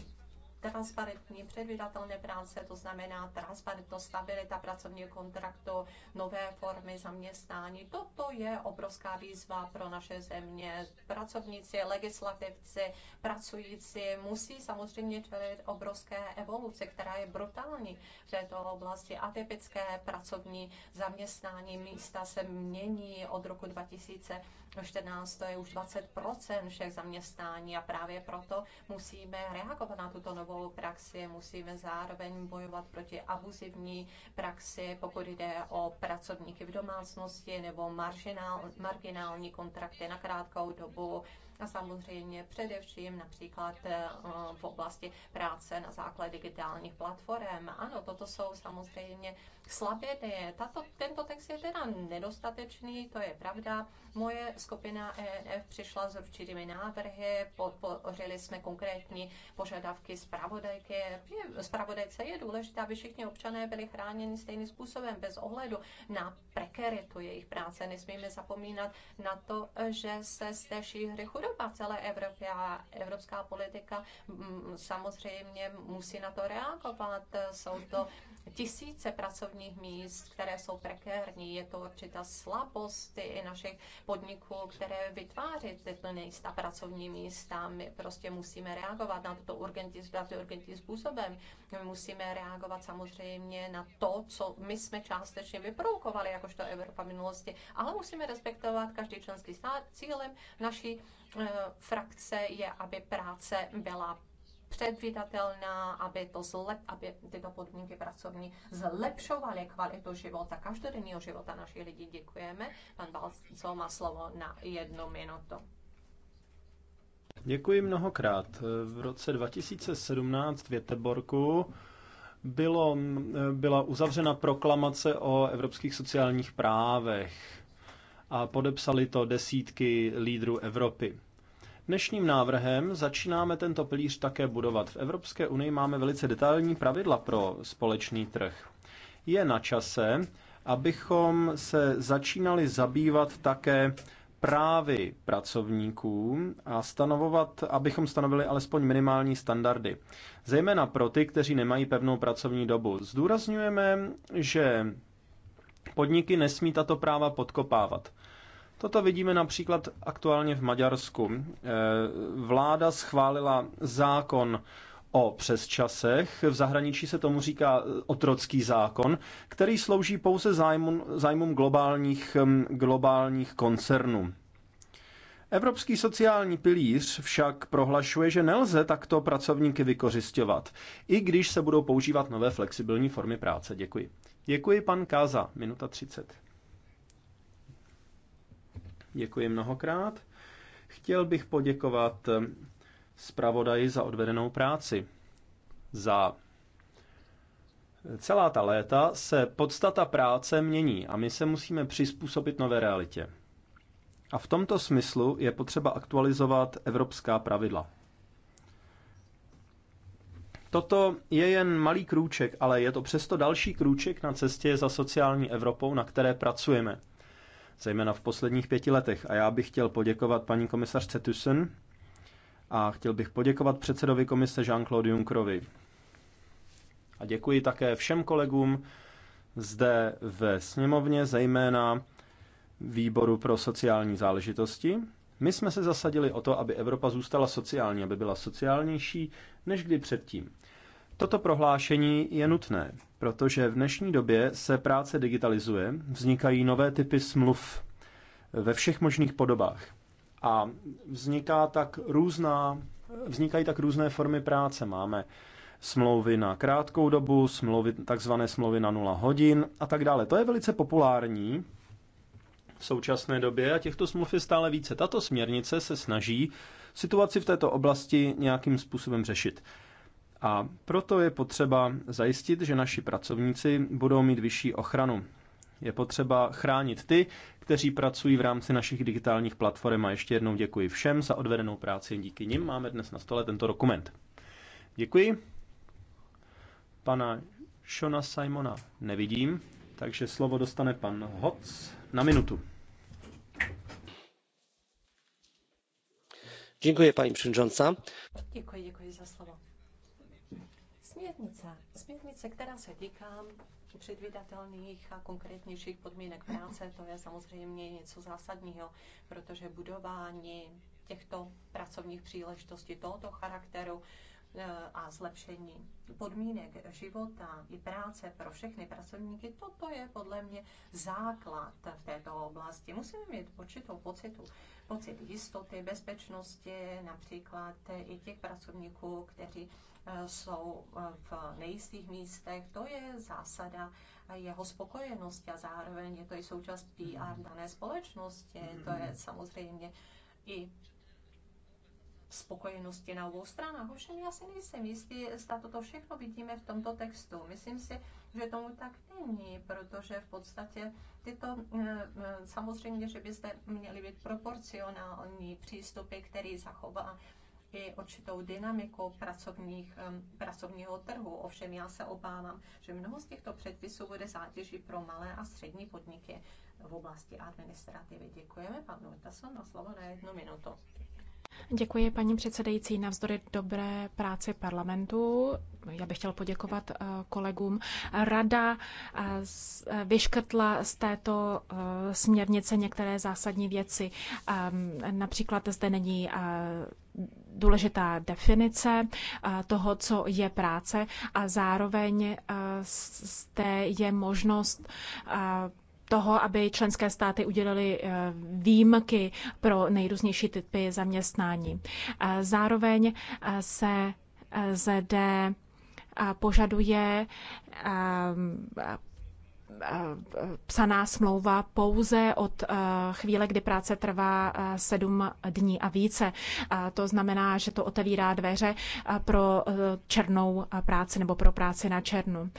transparentní, předvídatelné práce, to znamená transparentnost, stabilita pracovního kontraktu, nové formy zaměstnání. Toto je obrovská výzva pro naše země. Pracovníci, legislativci, pracující musí samozřejmě čelit obrovské evoluce, která je brutální v této oblasti. Atypické pracovní zaměstnání místa se mění od roku 2000 14, to je už 20 všech zaměstnání a právě proto musíme reagovat na tuto novou praxi, musíme zároveň bojovat proti abuzivní praxi, pokud jde o pracovníky v domácnosti nebo marginál, marginální kontrakty na krátkou dobu, a samozřejmě především například eh, v oblasti práce na základě digitálních platform. Ano, toto jsou samozřejmě slabiny. Tato, tento text je teda nedostatečný, to je pravda. Moje skupina ENF přišla s určitými návrhy, podpořili jsme konkrétní požadavky zpravodajky. Zpravodajce je důležité, aby všichni občané byli chráněni stejným způsobem, bez ohledu na prekeritu jejich práce. Nesmíme zapomínat na to, že se z té Evropa, celé Evropě a evropská politika mm, samozřejmě musí na to reagovat. Jsou to tisíce pracovních míst, které jsou prekérní. Je to určitá slabost i našich podniků, které vytváří tyto nejistá pracovní místa. My prostě musíme reagovat na to urgentní, urgentní způsobem. My musíme reagovat samozřejmě na to, co my jsme částečně vyprovokovali, jakožto Evropa v minulosti, ale musíme respektovat každý členský stát. Cílem naší eh, frakce je, aby práce byla předvídatelná, aby, to zlep, aby tyto podmínky pracovní zlepšovaly kvalitu života, každodenního života našich lidí. Děkujeme. Pan Balco má slovo na jednu minutu. Děkuji mnohokrát. V roce 2017 v Věteborku bylo, byla uzavřena proklamace o evropských sociálních právech a podepsali to desítky lídrů Evropy. Dnešním návrhem začínáme tento pilíř také budovat. V Evropské unii máme velice detailní pravidla pro společný trh. Je na čase, abychom se začínali zabývat také právy pracovníků a stanovovat, abychom stanovili alespoň minimální standardy. Zejména pro ty, kteří nemají pevnou pracovní dobu. Zdůrazňujeme, že podniky nesmí tato práva podkopávat. Toto vidíme například aktuálně v Maďarsku. Eh, vláda schválila zákon o přesčasech. V zahraničí se tomu říká otrocký zákon, který slouží pouze zájmům, zájmům globálních, hm, globálních koncernů. Evropský sociální pilíř však prohlašuje, že nelze takto pracovníky vykořišťovat, i když se budou používat nové flexibilní formy práce. Děkuji. Děkuji, pan Káza. Minuta 30. Děkuji mnohokrát. Chtěl bych poděkovat eh, zpravodaji za odvedenou práci. Za celá ta léta se podstata práce mění a my se musíme přizpůsobit nové realitě. A v tomto smyslu je potřeba aktualizovat evropská pravidla. Toto je jen malý krůček, ale je to přesto další krůček na cestě za sociální Evropou, na které pracujeme – zejména v posledních pěti letech. A já bych chtěl poděkovat paní komisařce Thyssen a chtěl bych poděkovat předsedovi komise Jean-Claude Junckerovi. A děkuji také všem kolegům zde ve sněmovně, zejména výboru pro sociální záležitosti. My jsme se zasadili o to, aby Evropa zůstala sociální, aby byla sociálnější než kdy předtím. Toto prohlášení je nutné, protože v dnešní době se práce digitalizuje, vznikají nové typy smluv ve všech možných podobách a vzniká tak různá, vznikají tak různé formy práce. Máme smlouvy na krátkou dobu, smlouvy, takzvané smlouvy na nula hodin a tak dále. To je velice populární v současné době a těchto smluv je stále více. Tato směrnice se snaží situaci v této oblasti nějakým způsobem řešit. A proto je potřeba zajistit, že naši pracovníci budou mít vyšší ochranu. Je potřeba chránit ty, kteří pracují v rámci našich digitálních platform. A ještě jednou děkuji všem za odvedenou práci. Díky nim máme dnes na stole tento dokument. Děkuji. Pana Šona Simona nevidím, takže slovo dostane pan Hoc na minutu. Děkuji, paní předsedající. Děkuji, děkuji za slovo Směrnice. Směrnice, která se týká předvídatelných a konkrétnějších podmínek práce, to je samozřejmě něco zásadního, protože budování těchto pracovních příležitostí tohoto charakteru eh, a zlepšení podmínek života i práce pro všechny pracovníky, toto je podle mě základ v této oblasti. Musíme mít určitou pocitu, pocit jistoty, bezpečnosti, například i těch pracovníků, kteří Eh, jsou eh, v nejistých místech. To je zásada jeho spokojenosti a zároveň je to i součást mhm. PR dané společnosti. To je mhm. samozřejmě i spokojenosti na obou stranách. Ovšem já si nejsem jistý, zda toto všechno vidíme v tomto textu. Myslím si, že tomu tak není, protože v podstatě tyto, eh, samozřejmě, že byste měli být proporcionální přístupy, který zachová i určitou dynamiku pracovních, pracovního trhu. Ovšem já se obávám, že mnoho z těchto předpisů bude zátěží pro malé a střední podniky v oblasti administrativy. Děkujeme pan Tason na slovo na jednu minutu. Děkuji, paní předsedající. Navzdory dobré práci parlamentu, já bych chtěl poděkovat eh, kolegům. Rada eh, vyškrtla z této eh, směrnice některé zásadní věci. Ehm, například zde není důležitá definice toho, co je práce a zároveň zde je možnost toho, aby členské státy udělaly eh, výjimky pro nejrůznější typy zaměstnání. Eh, zároveň eh, se ZD požaduje psaná smlouva pouze od chvíle, kdy práce trvá sedm dní a více. To znamená, že to otevírá dveře pro černou práci nebo pro práci na černu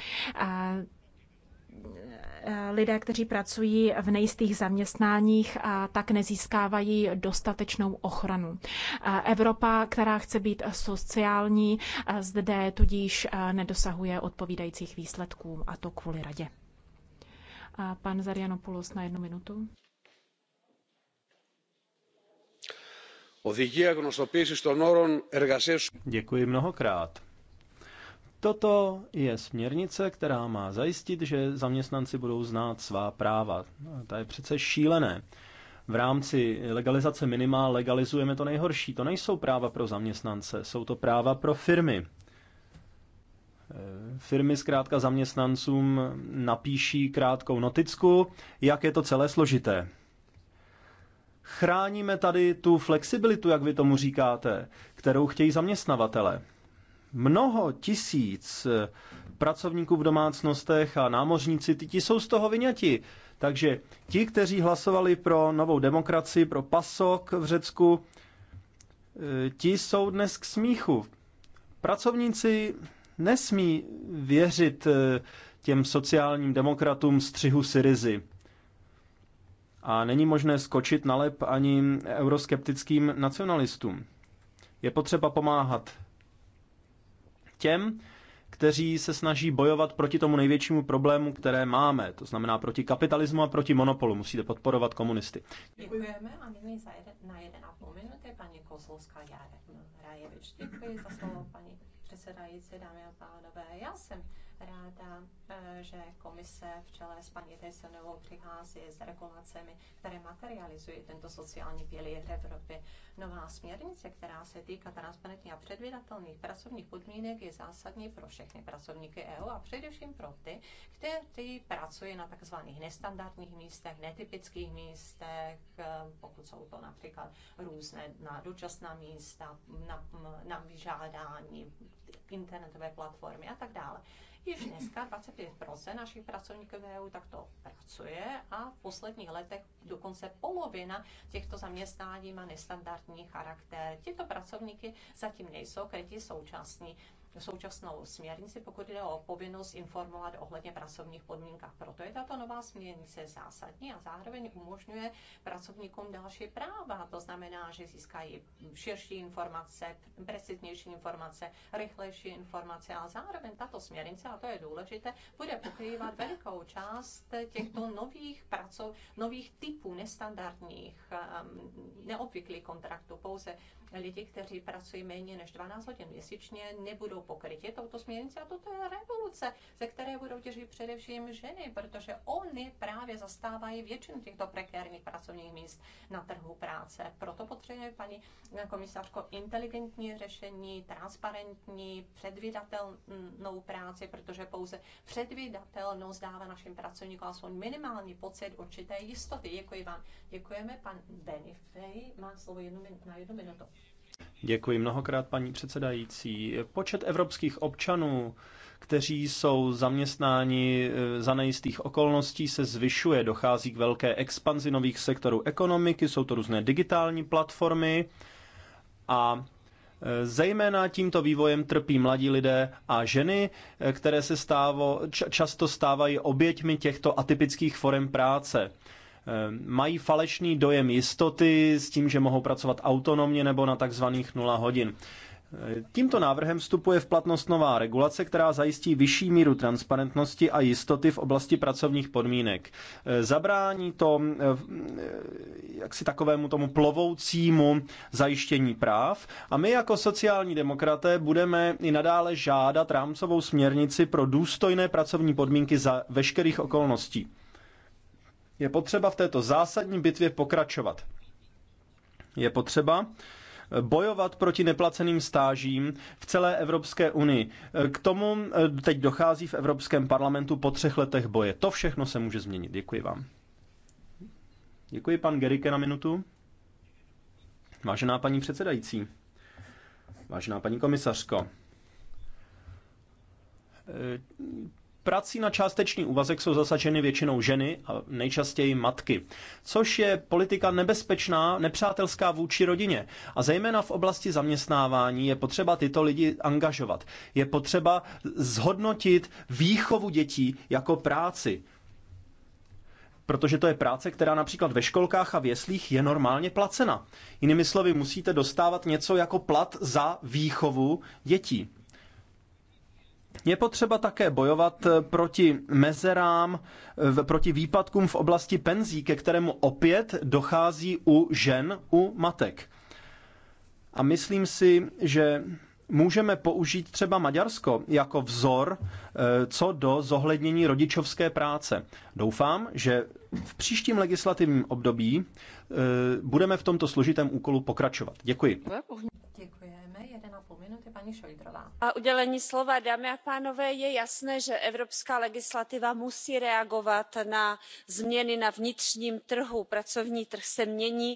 lidé, kteří pracují v nejistých zaměstnáních, tak nezískávají dostatečnou ochranu. Evropa, která chce být sociální, zde tudíž nedosahuje odpovídajících výsledků, a to kvůli radě. A pan Zarianopoulos na jednu minutu. Děkuji mnohokrát. Toto je směrnice, která má zajistit, že zaměstnanci budou znát svá práva. To je přece šílené. V rámci legalizace minima legalizujeme to nejhorší. To nejsou práva pro zaměstnance, jsou to práva pro firmy. Firmy zkrátka zaměstnancům napíší krátkou noticku, jak je to celé složité. Chráníme tady tu flexibilitu, jak vy tomu říkáte, kterou chtějí zaměstnavatele mnoho tisíc eh, pracovníků v domácnostech a námořníci, ti jsou z toho vyňati. Takže ti, kteří hlasovali pro novou demokracii, pro PASOK v Řecku, eh, ti jsou dnes k smíchu. Pracovníci nesmí věřit eh, těm sociálním demokratům střihu Syrizy. A není možné skočit na lep ani euroskeptickým nacionalistům. Je potřeba pomáhat těm, kteří se snaží bojovat proti tomu největšímu problému, které máme, to znamená proti kapitalismu a proti monopolu. Musíte podporovat komunisty. Děkujeme a nyní za jeden, na jeden a půl minuty paní Kozlovská Jarek Rajevič. Děkuji za slovo, paní předsedající, dámy a pánové. Já jsem ráda, eh, že komise v čele s paní Tysonovou přichází s regulacemi, které materializují tento sociální pilíř Evropy. Nová směrnice, která se týká transparentních a předvídatelných pracovních podmínek, je zásadní pro všechny pracovníky EU a především pro ty, kteří pracují na tzv. nestandardních místech, netypických místech, eh, pokud jsou to například různé na dočasná místa, na, na vyžádání, internetové platformy a tak dále. Již dneska 25% našich pracovníků v EU takto pracuje a v posledních letech dokonce polovina těchto zaměstnání má nestandardní charakter. Tyto pracovníky zatím nejsou krytí současní současnou směrnici, pokud jde o povinnost informovat ohledně pracovních podmínkách. Proto je tato nová směrnice zásadní a zároveň umožňuje pracovníkům další práva. To znamená, že získají širší informace, preciznější informace, rychlejší informace a zároveň tato směrnice, a to je důležité, bude pokrývat velikou část těchto nových pracov, nových typů nestandardních, ehm, neobvyklých kontraktů. Pouze lidi, kteří pracují méně než 12 hodin měsíčně, nebudou pokrytě touto směrnicí. A toto je revoluce, ze které budou těžit především ženy, protože oni právě zastávají většinu těchto prekérních pracovních míst na trhu práce. Proto potřebujeme, paní komisařko, inteligentní řešení, transparentní, předvídatelnou práci, protože pouze předvídatelnost dává našim pracovníkům aspoň minimální pocit určité jistoty. Děkuji vám. Děkujeme. Pan Benifej má slovo jednu, na jednu minutu. Děkuji mnohokrát, paní předsedající. Počet evropských občanů, kteří jsou zaměstnáni eh, za nejistých okolností, se zvyšuje. Dochází k velké expanzi nových sektorů ekonomiky, jsou to různé digitální platformy a eh, Zejména tímto vývojem trpí mladí lidé a ženy, eh, které se stávo, často stávají oběťmi těchto atypických forem práce. Eh, mají falešný dojem jistoty s tím, že mohou pracovat autonomně nebo na takzvaných 0 hodin. Eh, tímto návrhem vstupuje v platnost nová regulace, která zajistí vyšší míru transparentnosti a jistoty v oblasti pracovních podmínek. Eh, zabrání to jaksi takovému tomu plovoucímu zajištění práv a my jako sociální demokraté budeme i nadále žádat rámcovou směrnici pro důstojné pracovní podmínky za veškerých okolností. Je potřeba v této zásadní bitvě pokračovat. Je potřeba eh, bojovat proti neplaceným stážím v celé Evropské unii. Eh, k tomu eh, teď dochází v Evropském parlamentu po třech letech boje. To všechno se může změnit. Děkuji vám. Děkuji pan Gerike na minutu. Vážená paní předsedající, vážená paní komisařko, Prací na částečný úvazek jsou zasaženy většinou ženy a nejčastěji matky, což je politika nebezpečná, nepřátelská vůči rodině. A zejména v oblasti zaměstnávání je potřeba tyto lidi angažovat. Je potřeba zhodnotit výchovu dětí jako práci. Protože to je práce, která například ve školkách a v jeslích je normálně placena. Jinými slovy, musíte dostávat něco jako plat za výchovu dětí. Je potřeba také bojovat eh, proti mezerám, eh, proti výpadkům v oblasti penzí, ke kterému opět dochází u žen, u matek. A myslím si, že můžeme použít třeba Maďarsko jako vzor eh, co do zohlednění rodičovské práce. Doufám, že v příštím legislativním období eh, budeme v tomto složitém úkolu pokračovat. Děkuji. Děkujeme. minuty paní Šojdrová. A udělení slova, dámy a pánové, je jasné, že evropská legislativa musí reagovat na změny na vnitřním trhu. Pracovní trh se mění